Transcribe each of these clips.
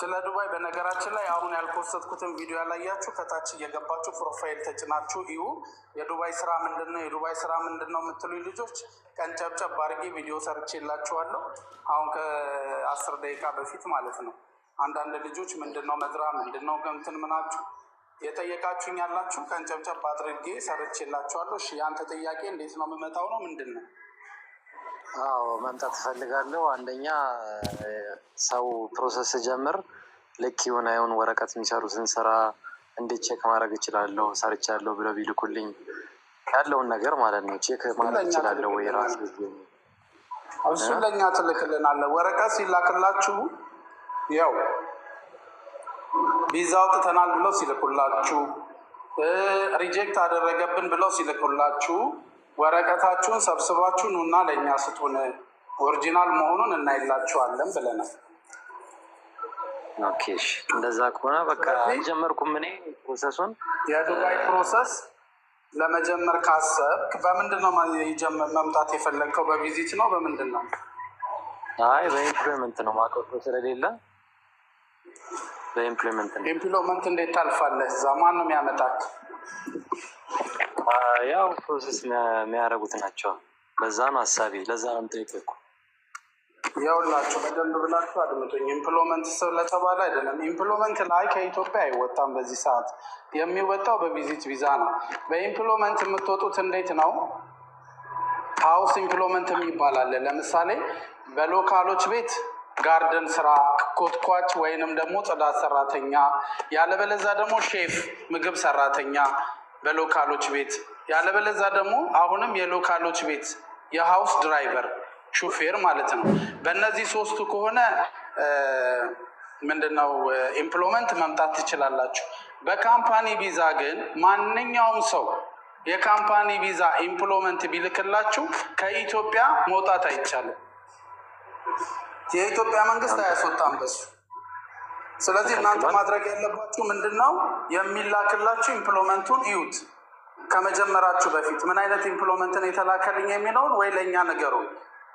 ስለ ዱባይ በነገራችን ላይ አሁን ያልኮሰትኩትን ቪዲዮ ያላያችሁ ከታች እየገባችሁ ፕሮፋይል ተጭናችሁ ይሁ የዱባይ ስራ ምንድን ነው? የዱባይ ስራ ምንድን ነው የምትሉ ልጆች ቀንጨብጨብ አድርጌ ቪዲዮ ሰርቼላችኋለሁ። አሁን ከአስር ደቂቃ በፊት ማለት ነው። አንዳንድ ልጆች ምንድን ነው መዝራ ምንድን ነው ገምትን ምናችሁ የጠየቃችሁኝ ያላችሁ ቀንጨብጨብ አድርጌ ሰርቼላችኋለሁ። እሺ፣ ያንተ ጥያቄ እንዴት ነው የምመጣው ነው ምንድን ነው? አዎ መምጣት እፈልጋለሁ። አንደኛ ሰው ፕሮሰስ ስጀምር ልክ ይሁን የሆን ወረቀት የሚሰሩትን ስራ እንዴት ቼክ ማድረግ እችላለሁ? ሰርቻለሁ ብለው ቢልኩልኝ ያለውን ነገር ማለት ነው። ቼክ ማድረግ እችላለሁ ወይ ራሱ እሱ ለእኛ ትልክልናለህ። ወረቀት ሲላክላችሁ ያው ቪዛ አውጥተናል ብለው ሲልኩላችሁ፣ ሪጀክት አደረገብን ብለው ሲልኩላችሁ ወረቀታችሁን ሰብስባችሁ ኑና ለእኛ ስጡን ኦሪጂናል መሆኑን እናይላችኋለን ብለናል። ኦኬሽ እንደዛ ከሆነ በቃ አልጀመርኩም። እኔ ፕሮሰሱን የዱባይ ፕሮሰስ ለመጀመር ካሰብክ በምንድን ነው መምጣት የፈለግከው? በቪዚት ነው በምንድን ነው? አይ በኢምፕሎይመንት ነው ማቀው ስለሌለ በኢምፕሎይመንት ነው። ኢምፕሎይመንት እንዴት ታልፋለህ? እዛ ማን ነው የሚያመጣት? ያው ፕሮሰስ የሚያደርጉት ናቸው። በዛ ነው ሀሳቤ። ለዛ ነው የምጠይቀው ያውላችሁ በደንብ ብላችሁ አድምጡኝ። ኢምፕሎመንት ስለተባለ አይደለም። ኢምፕሎመንት ላይ ከኢትዮጵያ አይወጣም። በዚህ ሰዓት የሚወጣው በቪዚት ቪዛ ነው። በኢምፕሎመንት የምትወጡት እንዴት ነው? ሀውስ ኢምፕሎመንት የሚባላለ ለምሳሌ በሎካሎች ቤት ጋርደን ስራ፣ ኮትኳች ወይንም ደግሞ ጽዳት ሰራተኛ፣ ያለበለዛ ደግሞ ሼፍ ምግብ ሰራተኛ በሎካሎች ቤት ያለበለዛ ደግሞ አሁንም የሎካሎች ቤት የሀውስ ድራይቨር ሹፌር ማለት ነው። በእነዚህ ሶስቱ ከሆነ ምንድነው ኢምፕሎመንት መምጣት ትችላላችሁ። በካምፓኒ ቪዛ ግን ማንኛውም ሰው የካምፓኒ ቪዛ ኢምፕሎመንት ቢልክላችሁ ከኢትዮጵያ መውጣት አይቻልም። የኢትዮጵያ መንግስት አያስወጣም በሱ ስለዚህ እናንተ ማድረግ ያለባችሁ ምንድን ነው? የሚላክላችሁ ኢምፕሎመንቱን እዩት። ከመጀመራችሁ በፊት ምን አይነት ኢምፕሎመንትን የተላከልኝ የሚለውን ወይ ለእኛ ነገሩ።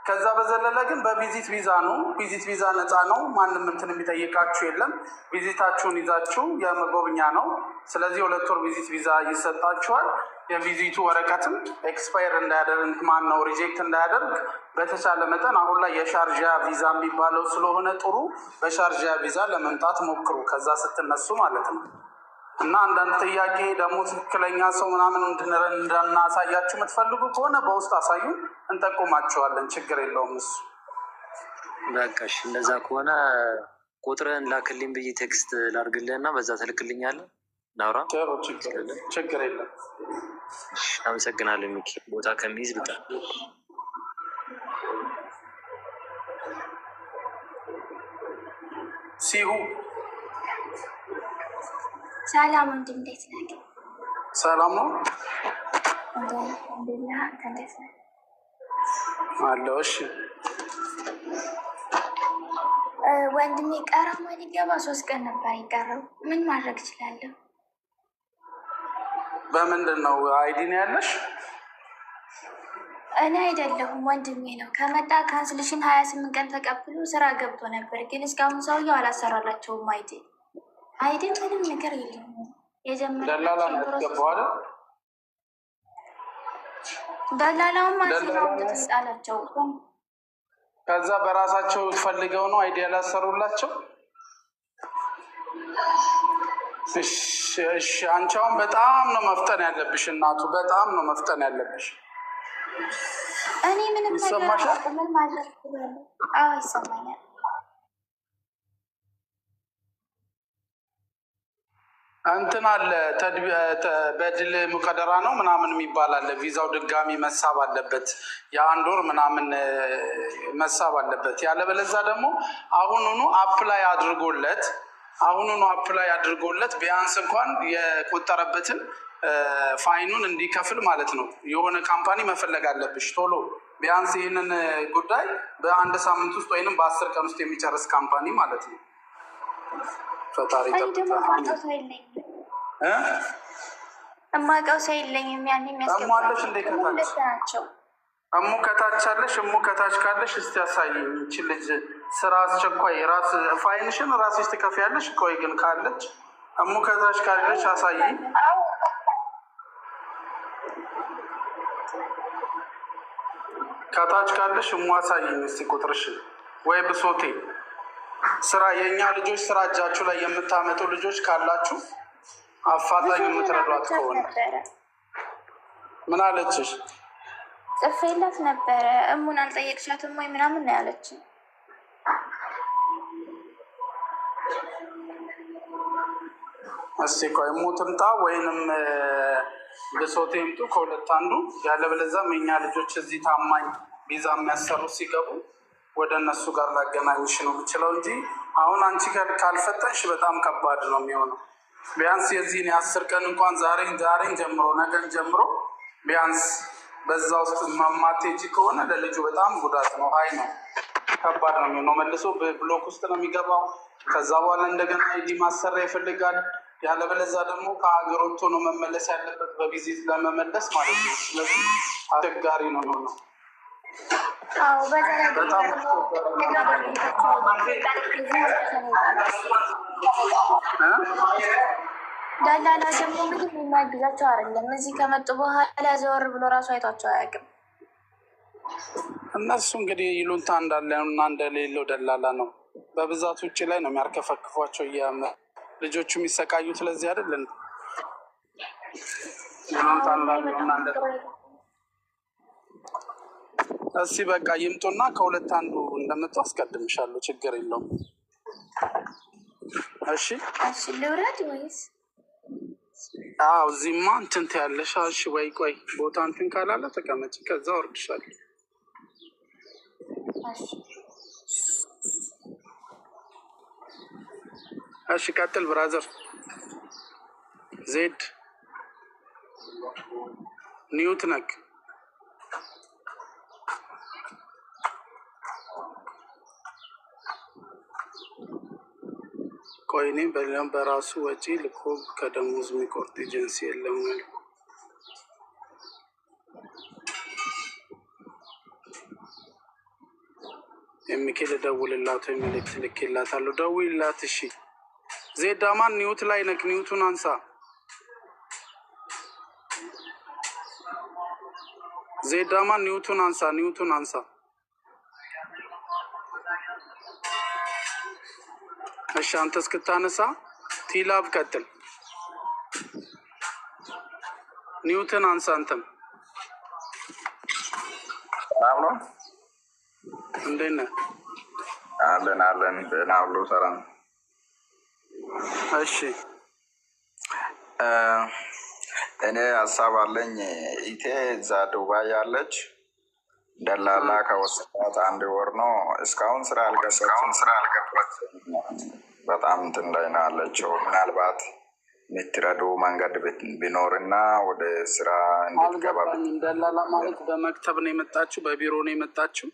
ከዛ በዘለለ ግን በቪዚት ቪዛ ነው። ቪዚት ቪዛ ነፃ ነው። ማንም እንትን የሚጠይቃችሁ የለም። ቪዚታችሁን ይዛችሁ የመጎብኛ ነው። ስለዚህ ሁለት ወር ቪዚት ቪዛ ይሰጣችኋል። የቪዚቱ ወረቀትም ኤክስፓየር እንዳያደርግ ማን ነው ሪጀክት እንዳያደርግ በተቻለ መጠን አሁን ላይ የሻርጃ ቪዛ የሚባለው ስለሆነ ጥሩ በሻርጃ ቪዛ ለመምጣት ሞክሩ፣ ከዛ ስትነሱ ማለት ነው። እና አንዳንድ ጥያቄ ደግሞ ትክክለኛ ሰው ምናምን እንዳናሳያችሁ የምትፈልጉ ከሆነ በውስጥ አሳዩ፣ እንጠቁማችኋለን። ችግር የለውም እሱ። በቃሽ እንደዛ ከሆነ ቁጥርህን ላክልኝ ብዬ ቴክስት ላርግልህ እና በዛ ትልክልኛለህ። ናውራ ችግር የለም። አመሰግናለሁ። ሚኪ ቦታ ከሚይዝ ብጣ ሲሁ ሰላም ወንድ እንዴት ነህ? ሰላም ነው አለው። እሺ ወንድሜ ቀራ ማን ይገባ? ሶስት ቀን ነበር የቀረው። ምን ማድረግ እችላለሁ? በምንድን ነው አይዲን ያለሽ? እኔ አይደለሁም ወንድሜ ነው። ከመጣ ካንስልሽን ሀያ ስምንት ቀን ተቀብሎ ስራ ገብቶ ነበር፣ ግን እስካሁን ሰውየው አላሰራላቸውም። አይዲ አይዲ ምንም ነገር የለም። የጀመረላላገበዋል ደላላውም አላቸው። ከዛ በራሳቸው ፈልገው ነው አይዲ ያላሰሩላቸው። አንቺ አሁን በጣም ነው መፍጠን ያለብሽ፣ እናቱ በጣም ነው መፍጠን ያለብሽ። እኔ ምንም እንትን አለ በድል ሙቀደራ ነው ምናምን የሚባል አለ። ቪዛው ድጋሚ መሳብ አለበት፣ የአንድ ወር ምናምን መሳብ አለበት። ያለበለዛ ደግሞ አሁኑኑ አፕላይ አድርጎለት አሁኑኑ አፕላይ አድርጎለት ቢያንስ እንኳን የቆጠረበትን ፋይኑን እንዲከፍል ማለት ነው። የሆነ ካምፓኒ መፈለግ አለብሽ ቶሎ ቢያንስ ይህንን ጉዳይ በአንድ ሳምንት ውስጥ ወይንም በአስር ቀን ውስጥ የሚጨርስ ካምፓኒ ማለት ነው። ፈጣሪ እማውቀው ሰው የለኝም። ያኔ የሚያስገባቸው ናቸው እሙ ከታች አለሽ፣ እሙ ከታች ካለሽ እስቲ ያሳይ ችልጅ ስራ አስቸኳይ ራስ ፋይንሽን ራስሽ ትከፍያለሽ። ቆይ ግን ካለች እሙ ከታች ካለች አሳይ። ከታች ካለሽ እሙ አሳይኝ እስቲ ቁጥርሽ ወይ ብሶቴ ስራ የእኛ ልጆች ስራ እጃችሁ ላይ የምታመጡ ልጆች ካላችሁ አፋጣኝ የምትረዷት ከሆነ ምን አለችሽ? ጽፌላት ነበረ። እሙን አልጠየቅሻትም ወይ ምናምን ነው ያለችኝ። እስቲ ቆይ እሙ ትምጣ ወይንም ብሶቴ ይምጡ፣ ከሁለት አንዱ። ያለበለዚያም የኛ ልጆች እዚህ ታማኝ ቪዛ የሚያሰሩ ሲገቡ ወደ እነሱ ጋር ላገናኝሽ ነው የምችለው እንጂ አሁን አንቺ ጋር ካልፈጠንሽ በጣም ከባድ ነው የሚሆነው። ቢያንስ የዚህን የአስር ቀን እንኳን ዛሬን ዛሬን ጀምሮ ነገን ጀምሮ ቢያንስ በዛ ውስጥ ማማቴጂ ከሆነ ለልጁ በጣም ጉዳት ነው። ሀይ ነው፣ ከባድ ነው የሚሆነው። መልሶ ብሎክ ውስጥ ነው የሚገባው። ከዛ በኋላ እንደገና አይዲ ማሰራ ይፈልጋል። ያለበለዛ ደግሞ ከሀገር ወጥቶ ነው መመለስ ያለበት፣ በቪዚት ለመመለስ ማለት ነው። ስለዚህ አስቸጋሪ ነው ነው ነው በጣም ዳላላ ደግሞ ምንም የሚያግዛቸው አይደለም። እዚህ ከመጡ በኋላ ዘወር ብሎ ራሱ አይቷቸው አያውቅም። እነሱ እንግዲህ ይሉንታ እንዳለ እና እንደሌለው ደላላ ነው። በብዛት ውጭ ላይ ነው የሚያርከፈክፏቸው። እያመ ልጆቹ የሚሰቃዩት ለዚህ አይደለን። ይሉንታ እስኪ በቃ ይምጡና ከሁለት አንዱ እንደምጡ አስቀድምሻለሁ። ችግር የለውም። እሺ ልውረድ ወይስ አዎ እዚህማ እንትን ትያለሽ። እሺ ወይ ቆይ ቦታ እንትን ካላለ ተቀመጭ ከዛ ወርድሻለሁ። እሺ ቀጥል ብራዘር። ዜድ ኒውት ነክ ቆይኔ በለም በራሱ ወጪ ልኮ ከደሞዝ የሚቆርጥ ኤጀንሲ የለም አሉ። የሚኬ ልደውልላት ወይ መልእክት ልኬላታለሁ። ደውይላት። እሺ ዜዳማን ኒውት ላይ ነክ ኒውቱን አንሳ። ዜዳማን ኒውቱን አንሳ። ኒውቱን አንሳ እሺ አንተ እስክታነሳ ቲላብ ቀጥል። ኒውተን አንሳ። አንተም ሰላም ነው? እንዴት ነህ? አለን አለን። ደህና ብሎ ሰላም። እሺ እኔ ሀሳብ አለኝ። ኢቴ እዛ ዱባይ ያለች ደላላ ከወሰዳት አንድ ወር ነው። እስካሁን ስራ አልገባችም። ስራ አልገባችም። በጣም እንትን ላይ ነው ያለችው። ምናልባት የምትረዱ መንገድ ቢኖርና ወደ ስራ እንድትገባ። ደላላ ማለት በመክተብ ነው የመጣችው? በቢሮ ነው የመጣችው?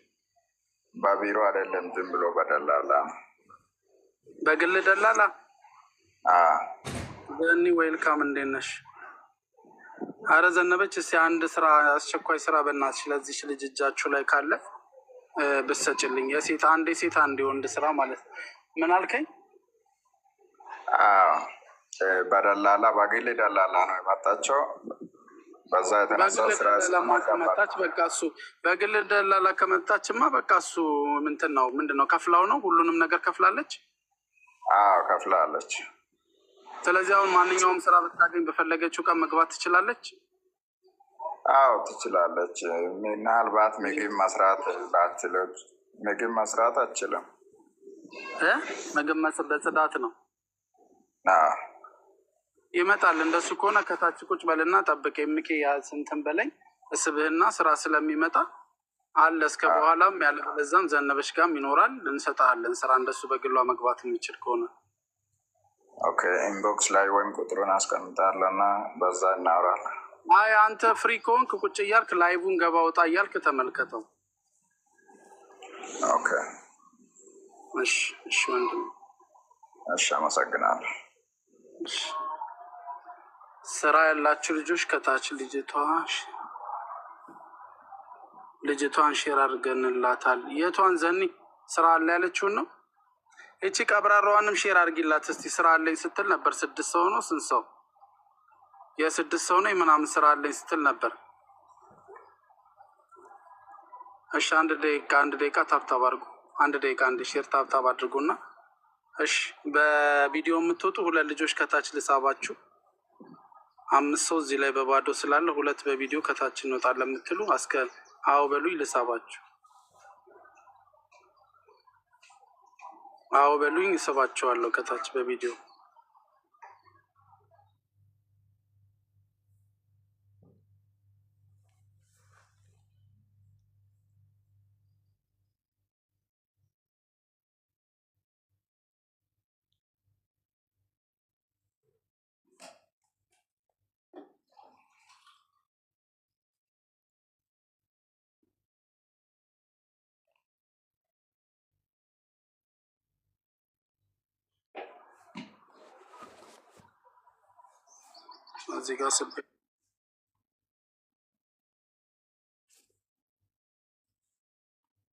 በቢሮ አይደለም፣ ዝም ብሎ በደላላ በግል ደላላ። ኒ ዌልካም፣ እንዴት ነሽ? አረ ዘነበች እስኪ አንድ ስራ አስቸኳይ ስራ በእናትሽ ለዚች ልጅ እጃችሁ ላይ ካለ ብሰጭልኝ። የሴት አንድ የሴት አንድ የወንድ ስራ ማለት ነው። ምን አልከኝ? በደላላ ባገሌ ደላላ ነው የመጣቸው። በዛ የተነሳ ስራ ከመጣች በቃ እሱ በግል ደላላ ከመጣችማ በቃ እሱ ምንትን ነው ምንድን ነው ከፍላው ነው ሁሉንም ነገር ከፍላለች። አዎ ከፍላለች። ስለዚህ አሁን ማንኛውም ስራ ብታገኝ በፈለገችው ቀን መግባት ትችላለች። አዎ ትችላለች። ምናልባት ምግብ መስራት ባትችለች ምግብ መስራት አችልም። ምግብ በጽዳት ነው ይመጣል። እንደሱ ከሆነ ከታች ቁጭ በልና ጠብቅ። የምቄ ያስንትን በለኝ እስብህና ስራ ስለሚመጣ አለ እስከ በኋላም ያለበዛም ዘነበሽ ጋም ይኖራል እንሰጣለን ስራ እንደሱ በግሏ መግባት የሚችል ከሆነ ኦኬ፣ ኢንቦክስ ላይ ወይም ቁጥሩን አስቀምጣለሁ እና በዛ እናወራለን። አይ አንተ ፍሪ ከሆንክ ቁጭ እያልክ ላይቡን ገባ ወጣ እያልክ ተመልከተው። ኦኬ፣ እሺ፣ እሺ ወንድም፣ እሺ፣ አመሰግናለሁ። ስራ ያላችሁ ልጆች ከታች ልጅቷ ልጅቷን ሼር አድርገንላታል። የቷን ዘኒ ስራ አለ ያለችውን ነው እቺ ቀብራራዋንም ሼር አድርጊላት እስቲ ስራ አለኝ ስትል ነበር። ስድስት ሰው ነው ስንት ሰው የስድስት ሰው ነው ምናምን ስራ አለኝ ስትል ነበር። እሺ አንድ ደቂቃ አንድ ደቂቃ ታብታብ አድርጉ። አንድ ደቂቃ አንድ ሼር ታብታብ አድርጉና፣ እሺ በቪዲዮ የምትወጡ ሁለት ልጆች ከታች ልሳባችሁ። አምስት ሰው እዚህ ላይ በባዶ ስላለ ሁለት በቪዲዮ ከታች እንወጣለን የምትሉ አስከ አዎ በሉኝ ልሳባችሁ። አዎ በሉኝ፣ እሰባቸዋለሁ ከታች በቪዲዮ You got some